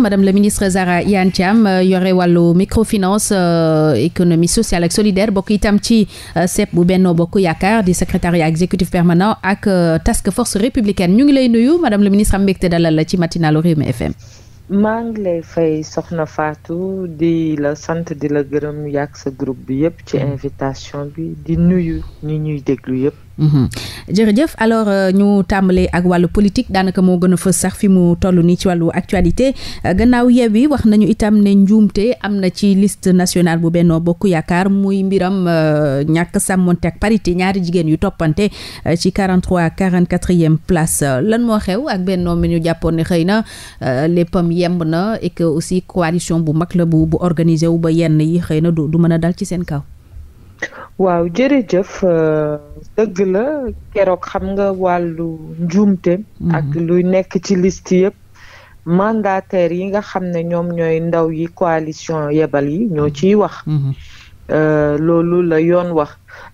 madame la ministre Zahra Iyane Thiam euh, yore wàllu microfinance euh, économie sociale ak solidaire bokk itam ci euh, CEP bu Benno Bokk Yaakaar di secrétariat exécutif permanent ak task force républicaine ñu ngi lay nuyu madame la ministre am mbégte dalal la ci matinalu Rewmi FM maa ngi lay fay soxna faatu di la sant di la gërëm yàgg sa groupe bi yëpp ci mm-hmm. invitation bi di nuyu ñi ñuy déglu yëpp Mhm. jërëjëf alors euh, ñu tàmbalee ak wàllu politique daanaka moo gën a fës sax fi mu toll nii ci wàllu actualité euh, gannaaw Yewwi wax nañu itam ne njuumte am na ci liste national bu Benno Bokk Yaakaar muy mbiram euh, ñàkk sàmmonte ak parité ñaari jigéen yu toppante ci 43 44e place lan moo xew ak bennoo mi ñu jàppoon ne xëy na léppam yemb na et aussi coalition bu mag la bu bu wu ba yenn yi xëy na du du mën a dal ci seen kaw. waaw jërëjëf euh, dëgg la keroog xam nga wàllu njuumte. Mhm. ak luy nekk ci list yëpp. mandataire yi nga xam ne ñoom ñooy ndaw yi coalition yebal yi ñoo mhm. ciy wax. Mhm. Euh, loolu la yoon wax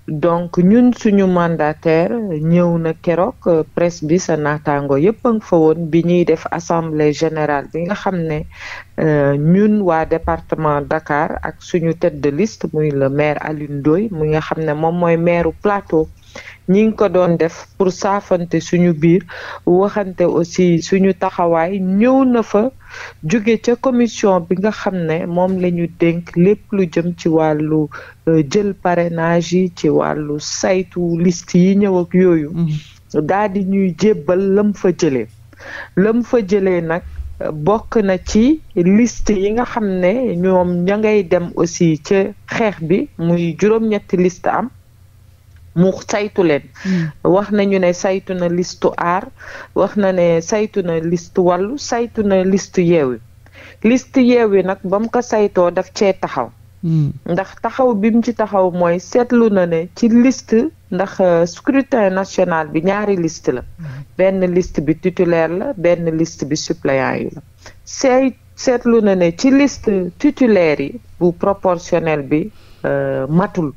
donc ñun suñu mandataire ñëw na keroog euh, presse bi sa nataangoo yëpp a fa woon bi ñuy def assemblée générale bi nga xam ne euh, ñun waa département Dakar ak suñu tête de liste muy le maire Alioune Ndoye muy nga xam ne moom mooy maireu Plateau ñi ngi ko doon def pour saafante suñu biir waxante aussi suñu taxawaay ñëw na fa jóge ca commission bi nga xam ne moom lañu ñu dénk lépp lu jëm ci wàllu euh, jël parrainage yi ci wàllu saytu liste yi ñëw yooyu mm-hmm. daal ñuy jébbal lam fa jëlee lam fa jëlee nag bokk na ci list yi nga xam ne ñoom ña ngay dem aussi ca xeex bi muy juróom-ñetti liste am mu saytu leen hmm. wax nañu ne saytu na listu aar wax na ne saytu na liste wàllu saytu na liste yeewi liste yeewi nag ba mu ko saytoo daf cee taxaw hmm. ndax taxaw bi mu ci taxaw mooy seetlu na ne ci liste ndax euh, scrutin national bi ñaari liste la hmm. benn liste bi titulaire la benn liste bi suppléant yi la seey seetlu na ne ci liste titulaire yi bu proportionnel bi euh, matul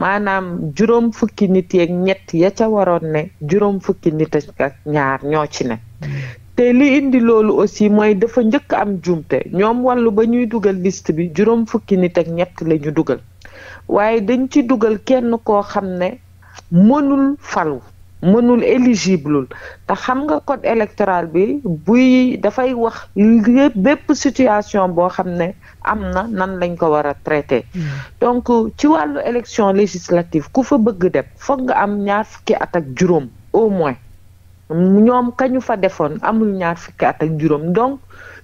maanaam juróom fukki nit yeeg ñett ya ca waroon ne juróom fukki nit ak ñaar ñoo ci ne te li indi loolu aussi mooy dafa njëkk am jumte ñoom wàllu ba ñuy dugal liste bi juróom fukki nit ak ñett la ñu dugal waaye dañ ci dugal kenn koo xam ne mënul falu mënul éligible te xam nga code électoral bi buy dafay wax lépp bépp situation boo xam ne am na nan lañ ko war a traité hmm. donc ci wàllu élection législative ku fa bëgg dem foog nga am ñaar fukki at ak juróom au moins ñoom kañu fa defoon amul ñaar ak juróom donc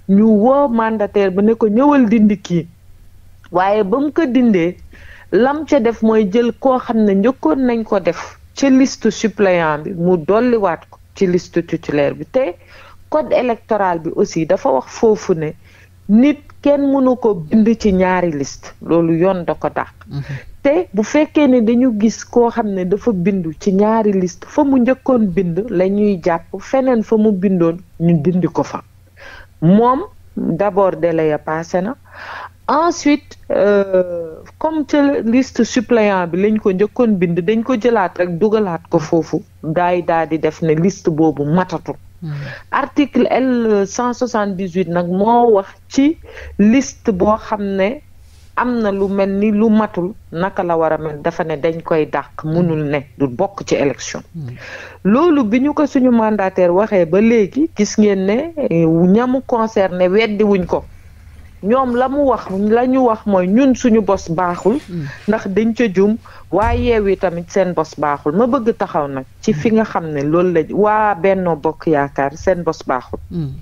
ñu woo mandataire ba ne ko ñëwal dindi kii waaye ba ko dindee lam ca def mooy jël koo xam ne njëkkoon nañ ko def ci liste suppléant bi mu dolliwaat ko ci liste titulaire bi te code électoral bi aussi dafa wax foofu ne nit kenn mënu ko bind ci ñaari list loolu yoon da ko dàq mhm. te bu fekkee ne dañu gis koo xam ne dafa bindu ci ñaari liste fa mu njëkkoon bind la ñuy jàpp feneen fa mu bindoon ñu bind ko fa moom d'abord délai ya passé na ensuite euh, comme ca liste suppléant bi lañ ko njëkkoon bind dañ ko jëlaat rek dugalaat ko foofu daay daal di def ne liste boobu matatu hmm. article L cent soixante dix huit nag moo wax ci list boo xam ne am na lu mel ni lu matul naka la war a mel dafa ne dañ koy dàq mënul ne du bokk ci élection hmm. loolu bi ñu ko suñu mandataire waxee ba léegi gis ngeen ne euh, ñamu concerné weddi wuñ ko ñoom la mu wax la ñu wax mooy ñun suñu bos baaxul hmm. ndax dañ ca jum waa yi tamit seen bos baaxul ma bëgg taxaw nag ci fi nga xam ne loolu la waa Benno Bokk Yaakaar seen bos baaxul hmm.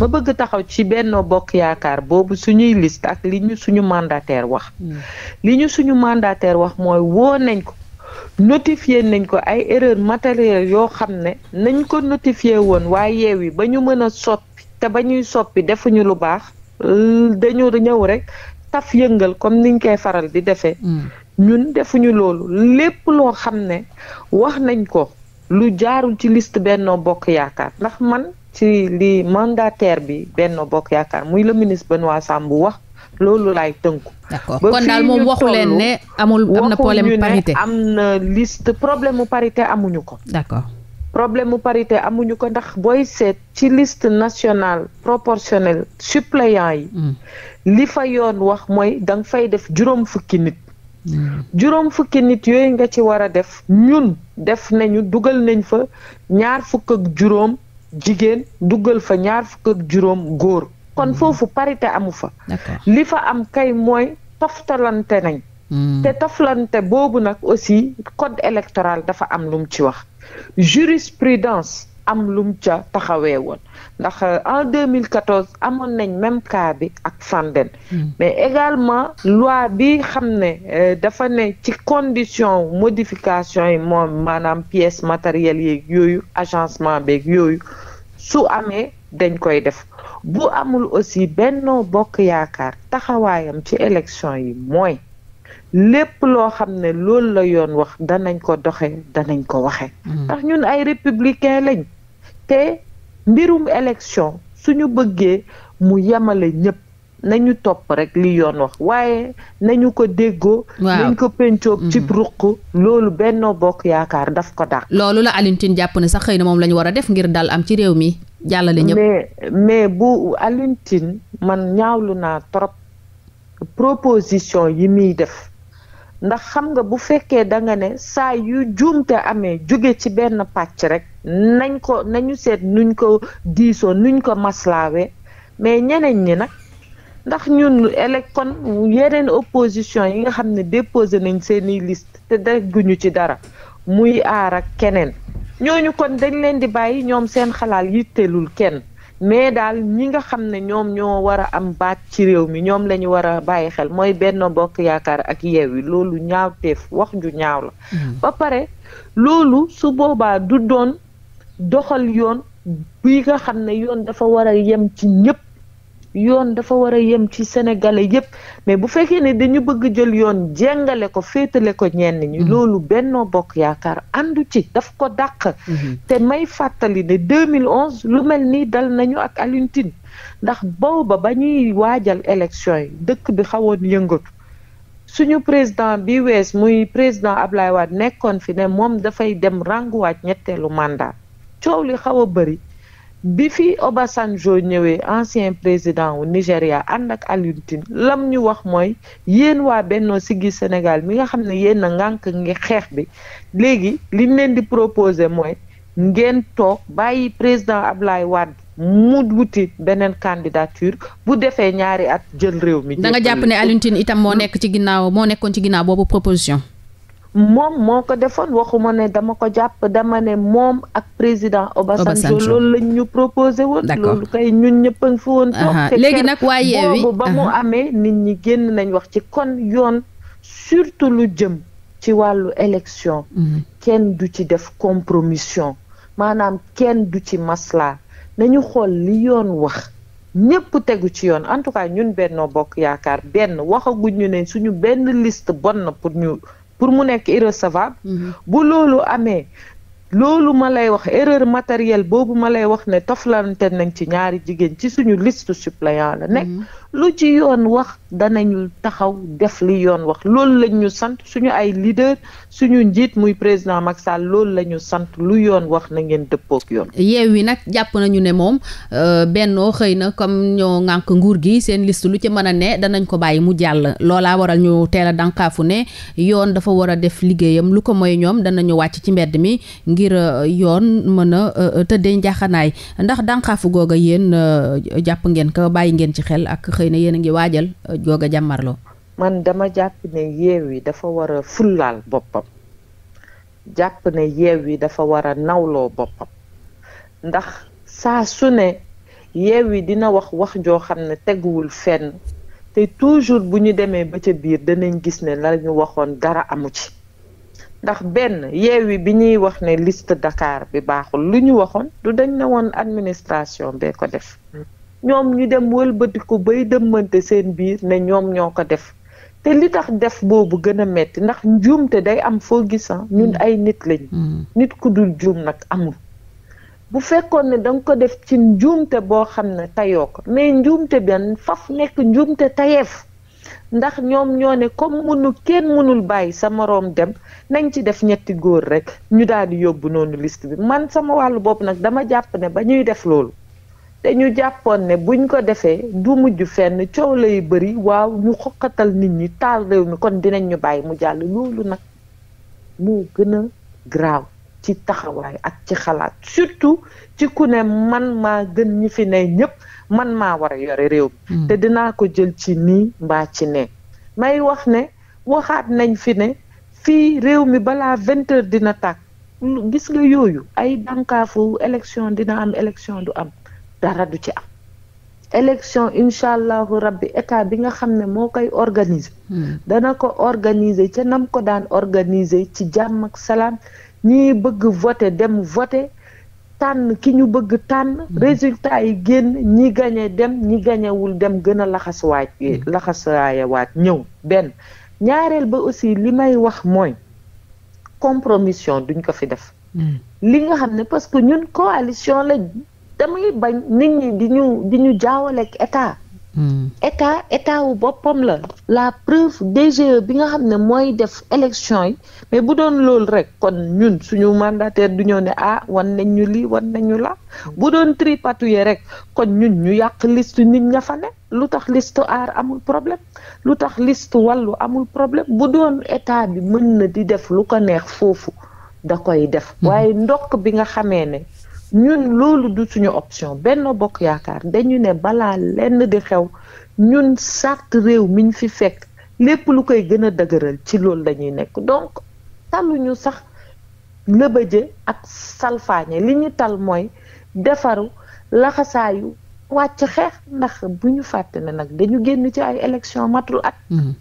ma bëgg taxaw ci Benno Bokk Yaakaar boobu suñuy liste ak li ñu suñu mandataire wax hmm. li ñu suñu mandataire wax mooy woo nañ ko notifié nañ ko ay erreur matérielle yoo xam ne nañ ko notifié woon waa yi ba ñu mën a soppi te ba ñuy soppi defuñu lu baax dañoo ñëw rek taf yëngal comme niñ koy faral di defee. Hmm. ñun defuñu loolu lépp loo xam ne wax nañ ko lu jaarul ci liste Benno Bokk Yaakaar ndax man ci li mandataire bi Benno Bokk Yaakaar muy le ministre Benoît Sambou wax loolu laay tënku. d'accord kon daal moom waxu leen ne amul am na problème parité am na liste problème mu parité amuñu ko. d'accord. problème mu parité amuñu ko ndax booy seet ci list nationale proportionnelle suppléant yi mm. li fa yoon wax mooy danga fay def juróom fukki nit mm. juróom fukki nit yooyu nga ci war a def ñun def nañu dugal nañ fa ñaar fukk ak juróom jigéen dugal fa ñaar fukk ak juróom góor kon mm. foofu parité amu fa li fa am kay mooy toftalante nañ Mm. te taflante boobu nag aussi code électoral dafa am lum ci wax jurisprudence am lum ca taxawee woon ndax euh, en 2014 amoon nañ même cas bi ak Fandène mm. mais également loi bi xam ne euh, dafa ne ci condition modification yi moom maanaam pièces matérielles yeeg yooyu agencement beeg yooyu su amee dañ koy def bu amul aussi Benno Bokk Yaakaar taxawaayam ci élection yi mooy lépp loo xam ne loolu la yoon wax danañ ko doxe danañ ko waxe mm. ndax ñun ay républicain lañ te mbirum élection suñu bëggee mu yemale ñëpp nañu topp rek li yoon wax waaye nañu ko déggoo nañ ko péncoog mm. ci ruq loolu Benno Bokk Yaakaar daf ko dàq loolu la Alioune jàpp ne sax xëy na moom la ñu war a def ngir dal am ci réew mi jàllale ñëpp mais mais bu Alioune man ñaawlu naa trop proposition yi muy def ndax xam nga bu fekkee danga ne saa yu jumte amee jóge ci benn pàcc rek nañ ko nañu seet nuñ ko diisoo nuñ ko maslaawee mais ñeneen ñi nag ndax ñun élecon yeneen opposition yi nga xam ne déposé nañ seeni liste te dégguñu ci dara muy aar ak keneen ñooñu kon dañ leen di bàyyi ñoom seen xalaat yitteelul kenn mais daal ñi nga xam ne ñoom ñoo war a am baat ci réew mi ñoom la ñu war a bàyyi xel mooy benn Bokk Yaakaar ak Yewwi loolu ñaawteef wax ju ñaaw la. Hmm. ba pare loolu su boobaa du doon doxal yoon bi nga xam ne yoon dafa war a yem ci ñëpp. yoon dafa war a yem ci sénégalais yépp mais bu fekkee ne dañu bëgg jël yoon jéngale ko féetale ko ñenn ñi. Mm-hmm. loolu Benno Bokk Yaakaar àndu ci daf ko dàq. Mm-hmm. te may fàttali ne 2011 lu mel nii dal nañu ak Alioune ndax booba ba ñuy waajal élection yi dëkk bi xawoon yëngatu. suñu président bi wees muy président Ablaye Wade nekkoon fi ne moom dafay dem ranguwaat ñetteelu mandat coow li xaw a bëri bi fi Obasanjo ñëwee ancien président wu Nigéria ànd ak Alioune lam ñu wax mooy yéen waa Bennoo gis Sénégal mi nga xam ne yéen a ngànk ngi xeex bi léegi li leen di proposer mooy ngeen toog bàyyi président Ablaye waat mu wuti beneen candidature bu defee ñaari at jël réew mi. da nga jàpp ne Alioune Tine itam moo nekk ci ginnaaw moo nekkoon ci ginnaaw boobu proposition. moom moo ko defoon waxuma ne dama ko jàpp dama ne moom ak président Obasanjo loolu lañ ñu proposé woon loolu kay ñun ñëpp a ngi fi woon toog léegi nag waa yeewi boobu ba mu amee nit ñi génn nañu wax ci kon yoon surtout lu jëm ci wàllu élection mhm. kenn du ci def compromission maanaam kenn du ci masla nañu xool li yoon wax ñëpp tegu ci yoon en tout cas ñun Benno Bokk Yaakaar benn waxaguñu ne suñu benn liste bon na pour ñu pour mu nekk irrecevable. Mhm. bu loolu amee loolu ma lay wax erreur matérielle boobu ma lay wax ne toflante nañ ci ñaari jigéen ci suñu liste suppléant la nekk. Mhm. lu ci yoon wax danañu taxaw def li yoon wax loolu lañ ñu sant suñu ay leader suñu njiit muy président Macky Sall loolu lañu sant lu yoon wax na ngeen dëppook yoon. yi nag jàpp nañu ne moom euh, Benno xëy na comme ñoo ŋànk nguur gi seen list lu ci mën a ne danañ ko bàyyi mu jàll loolaa waral ñu teel a dànkaafu ne yoon dafa war a def liggéeyam lu ko moy ñoom danañu wàcc ci mbedd mi ngir euh, yoon mën a euh, tëddee njaaxanaay ndax dànqaafu googa yéen jàpp ngeen ko bàyyi ngeen ci xel ak. xëy na yéen a ngi waajal euh, joog a jàmmarloo man dama jàpp ne yi dafa war a fullaal boppam jàpp ne yi dafa war a nawloo boppam ndax saa su ne yi dina wax wax joo xam ne teguwul fenn te toujours bu ñu demee ba ca biir danañ gis ne lañu waxoon dara amu ci ndax benn Yewwi bi ñuy wax ne list Dakar bi baaxul lu ñu waxoon du dañ ne woon administration bee ko def. ñoom ñu dem wëlbati ko bay dëmmante seen biir ne ñoom ñoo ko def te li tax def boobu gën a metti ndax njuumte day am foo gisan ah, ñun mm. ay nit lañ mm. nit ku dul juum nag amul bu fekkoon ne danga ko def ci njuumte boo xam ne tayoo ko mais njuumte benn faf nekk njuumte tayeef ndax ñoom ñoo ne comme mënu kenn mënul bàyyi sa moroom dem nañ ci def ñetti góor rek ñu daal di yóbbu noonu liste bi man sama wàllu bopp nag dama jàpp ne ba ñuy def loolu te ñu jàppoon ne buñ ko defee du mujj fenn coow lay bari waaw ñu xoqatal nit ñi taal réew mi kon dinañ ñu bàyyi mu jàll loolu nag moo gën a graaw ci taxawaay ak ci xalaat surtout ci ku ne man maa gën ñi fi ne ñëpp man maa war a yore réew mi hmm. te dinaa ko jël ci nii mbaa ci ne may wax ne waxaat nañ fi ne fii réew mi balaa vingt heures dina tàkk gis nga yooyu ay dànkaafu élection dina am élection du am dara du ci am élection incha allahu rabbi état bi nga xam ne moo koy organiser hmm. dana ko organiser ca nam ko daan organiser ci jàmm ak salaam ñi bëgg voter dem voter tànn ki ñu bëgg tànn hmm. résultat yi génn ñi gañe dem ñi gañewul dem gën a laxas waaj hmm. ñëw benn ñaareel ba aussi li may wax mooy compromission duñ ko fi def li nga xam ne parce ñun coalition lañ damay bañ nit ñi di ñu di ñu jaawaleeg état. Hmm. état état wu boppam la. la preuve DGE bi nga xam ne mooy def élection yi mais bu doon loolu rek kon ñun suñu mandataire du ñëw ne ah wan nañ ñu lii wan nañu ñu la bu doon tripatouiller rek kon ñun ñu yàq liste nit ña fa ne lu tax listu aar amul problème lu tax listu wallu amul problème bu doon état bi mën na di def lu ko neex foofu da koy def. Hmm. waaye ndokk bi nga xamee ne. ñun loolu du suñu option Benno Bokk Yaakaar dañu ne balaa lenn di xew ñun sart réew mi ñu fi fekk lépp lu koy gën a dëgëral ci loolu lañuy nekk donc ñu sax lëbëje ak salfaañe li ñu tal mooy defaru laxasaayu wàcc xeex ndax bu ñu fàtte ne nag dañu génn ci ay élection matul at mm-hmm.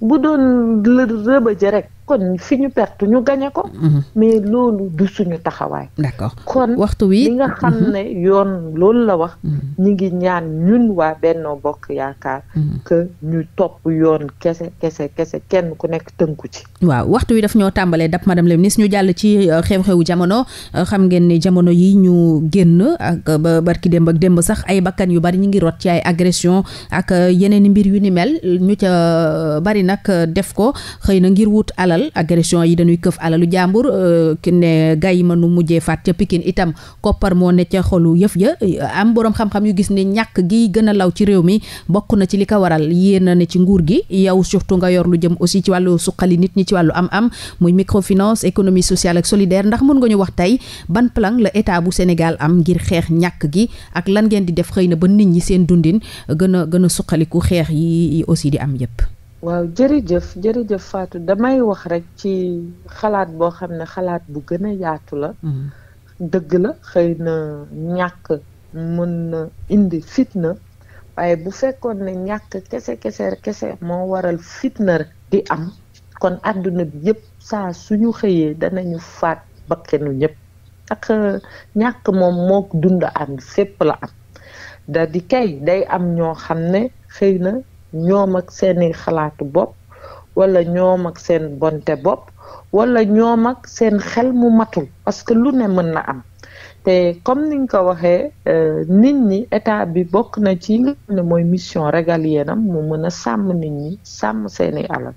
bu doon lëbëje rekk kon fi ñu perte ñu gañe ko. Mhm. mais loolu du suñu taxawaay. d'accord kon waxtu wi li nga xam mhm. ne yoon loolu la wax. Mhm. ñu ngi ñaan ñun waa Benno Bokk Yaakaar. ka ñu topp yoon kese kese kese kenn ku nekk tënku ci. waaw waxtu wi daf ñoo tàmbalee dab madame la ni suñu jàll ci euh, xew-xewu jamono euh, xam ngeen ni jamono yi ñu génn ak euh, ba barki démb ak démb sax ay bakkan yu bari ñu ngi rot ci ay agression ak yeneen i mbir yu ni mel ñu ca bari nag def ko xëy na ngir wut alal agression yi dañuy këf alalu jàmbur euh, ki ne gay nu mujjee faat ca Pikine itam koppar moo ne ca xolu yëf ya am boroom xam-xam yu gis ne ñàkk gi gën a law ci réew mi bokk na ci li ko waral yéen a ne ci nguur gi yow surtout nga yor lu jëm aussi ci wàllu suqali nit ñi ci wàllu am-am muy microfinance économie sociale ak solidaire ndax mën nga ñu wax tey ban plan la état bu Sénégal am ngir xeex ñàkk gi ak lan ngeen di def xëy na ba nit ñi seen dundin gën gën a suqaliku xeex yi aussi di am yëpp waaw jërëjëf jërëjëf Fatou damay wax rek ci xalaat boo xam ne xalaat bu gën a yaatu la mhm. dëgg la xëy na ñàkk mën na indi fitna waaye bu fekkoon ne ñàkk kese kese kese moo waral fitna di am kon àdduna bi yëpp saa suñu xëyee danañu faat bakkenu ñëpp ak euh, ñàkk moom mook dund am sépp la am da di kay day am ñoo xam ne xëy na ñoom ak seeni xalaatu bopp wala ñoom ak seen bonte bopp wala ñoom ak seen xel mu matul parce que lu ne mën na am te comme niñ ko waxee euh, nit ñi état bi bokk na ci mooy mission régalienne am mu mën a sàmm ñi sàmm seeni alal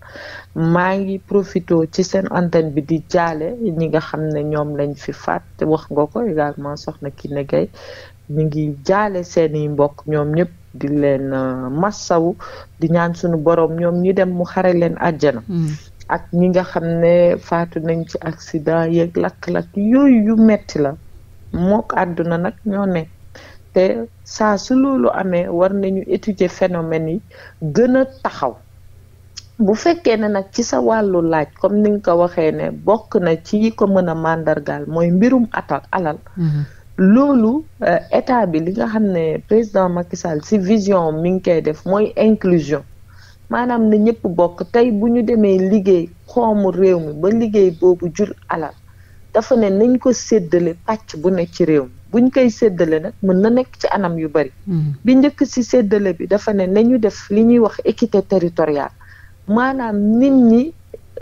maa ngi profito ci seen antenne bi di jaale ñi nga xam ne ñoom lañ fi faat te wax nga ko également soxna Kiné Gaye ñu ngi jaale seeni mbokk ñoom ñëpp di leen euh, massawu di ñaan suñu boroom ñoom ñi dem mu xare leen àjjana hmm. ak ñi nga xam ne faatu nañ ci accident yeeg lakk-lakk yooyu yu metti la mook àdduna nag ñoo nekk te saa su loolu amee war nañu étudier phénomène yi gën a taxaw bu fekkee ne nag ci sa wàllu laaj comme ni nga ko waxee ne bokk na ci yi ko mën a màndargaal mooy mbirum atal alal hmm. loolu euh, état bi li nga xam ne président Macky si vision mi ngi koy def mooy inclusion maanaam ne ñëpp bokk tey bu ñu demee liggéey xoomu réew mi ba liggéey boobu jur alal dafa ne nañ ko séddale pàcc bu nekk ci réew mi buñ koy séddale nag mën na nekk ci anam yu bari hmm. bi njëkk si séddale bi dafa ne nañu def li ñuy wax équité territoriale maanaam nit ñi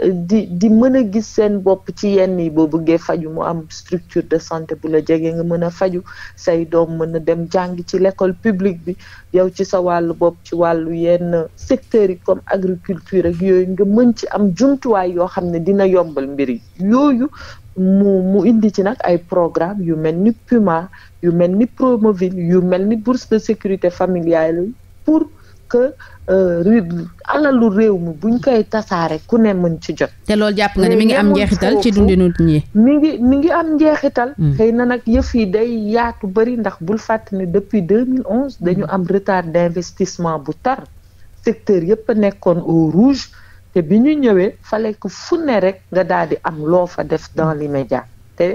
di di mën a gis seen bopp ci yenn yi boo bëggee faju mu am structure de santé bu la jegee nga mën a faju say doom mën a dem jàng ci l'école publique bi yow ci sa wàllu bopp ci wàllu yenn secteurs yi comme agriculture ak yooyu nga mën ci am jumtuwaay yoo xam ne dina yombal mbir yi yooyu mu mu indi ci nag ay programme yu mel ni Puma yu mel ni Promoville yu mel ni bourse de sécurité familiale pour que euh, alalu réew mi buñ koy tasaare ku ne mën ci jot. te lool jàpp nga ne mi ngi am njeexital ci dundinu ñi. mi ngi mi ngi am njeexital. Hmm. xëy na nag yëf yi day yaatu bëri ndax bul fàttali ne depuis 2011 dañu hmm. am retard d'investissement bu tar secteur yëpp a nekkoon au rouge te bi ñu ñëwee fallait que fu ne rek nga daal di am loo fa def dans l'immédiat te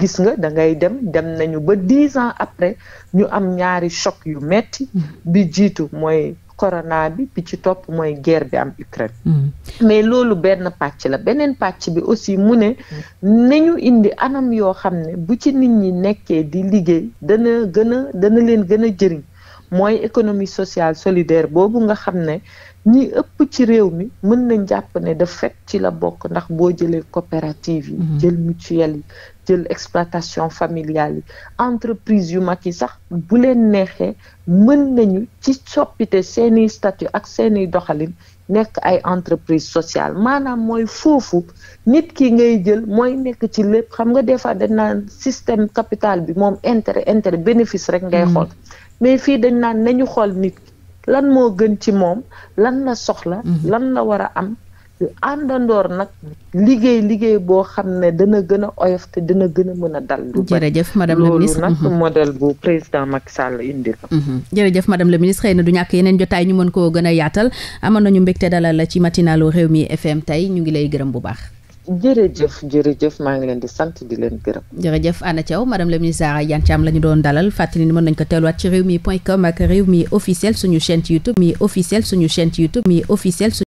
gis nga da ngay dem dem nañu ba dix ans après ñu am ñaari chock yu metti hmm. bi jiitu mooy corona bi bi ci topp mooy guerre bi am Ukraine hmm. mais loolu benn pàcc la beneen pàcc bi aussi mu ne nañu indi anam yoo xam ne bu ci nit ñi nekkee di liggéey dana gën a dana leen gën a jëriñ mooy économie sociale solidaire boobu nga xam ne ñi ëpp ci réew mi mën nañ jàpp ne daf fekk ci la bokk ndax boo jëlee coopérative yi hmm. jël mutuelle yi jël exploitation familiale yi entreprise yu mag yi sax bu leen neexee mën nañu ci soppite seeni statut ak seeni doxalin nekk ay entreprise sociale maanaam mooy foofu nit ki ngay jël mooy nekk ci lépp xam nga des fois dañ naan système capital bi moom intérêt intérêt bénéfice rek ngay hmm. xool mais fii dañ naan nañu xool nit lan moo gën ci moom lan la soxla hmm. lan la war a am àndandoor nag liggéey liggéey boo xam ne dana gën a oyof te dana gën a mën a dal. lu bëri jërëjëf madame la ministre loolu nag mhm. modèle bu président Macky Sall indi la. Mhm. jërëjëf madame la ministre xëy na du ñàkk yeneen jotaay ñu mën koo gën a yaatal amoon nañu mbégte dalal la ci matinalu réew mi FM tey ñu ngi lay gërëm bu baax. jërëjëf jërëjëf maa ngi leen di sant di leen gërëm. jërëjëf Anna Thiaw madame la ministre a Iyane Thiam la ñu doon dalal fàttali ni mën nañu ko teeluwaat ci réew mi point com ak réew mi officiel suñu chaîne ci YouTube mi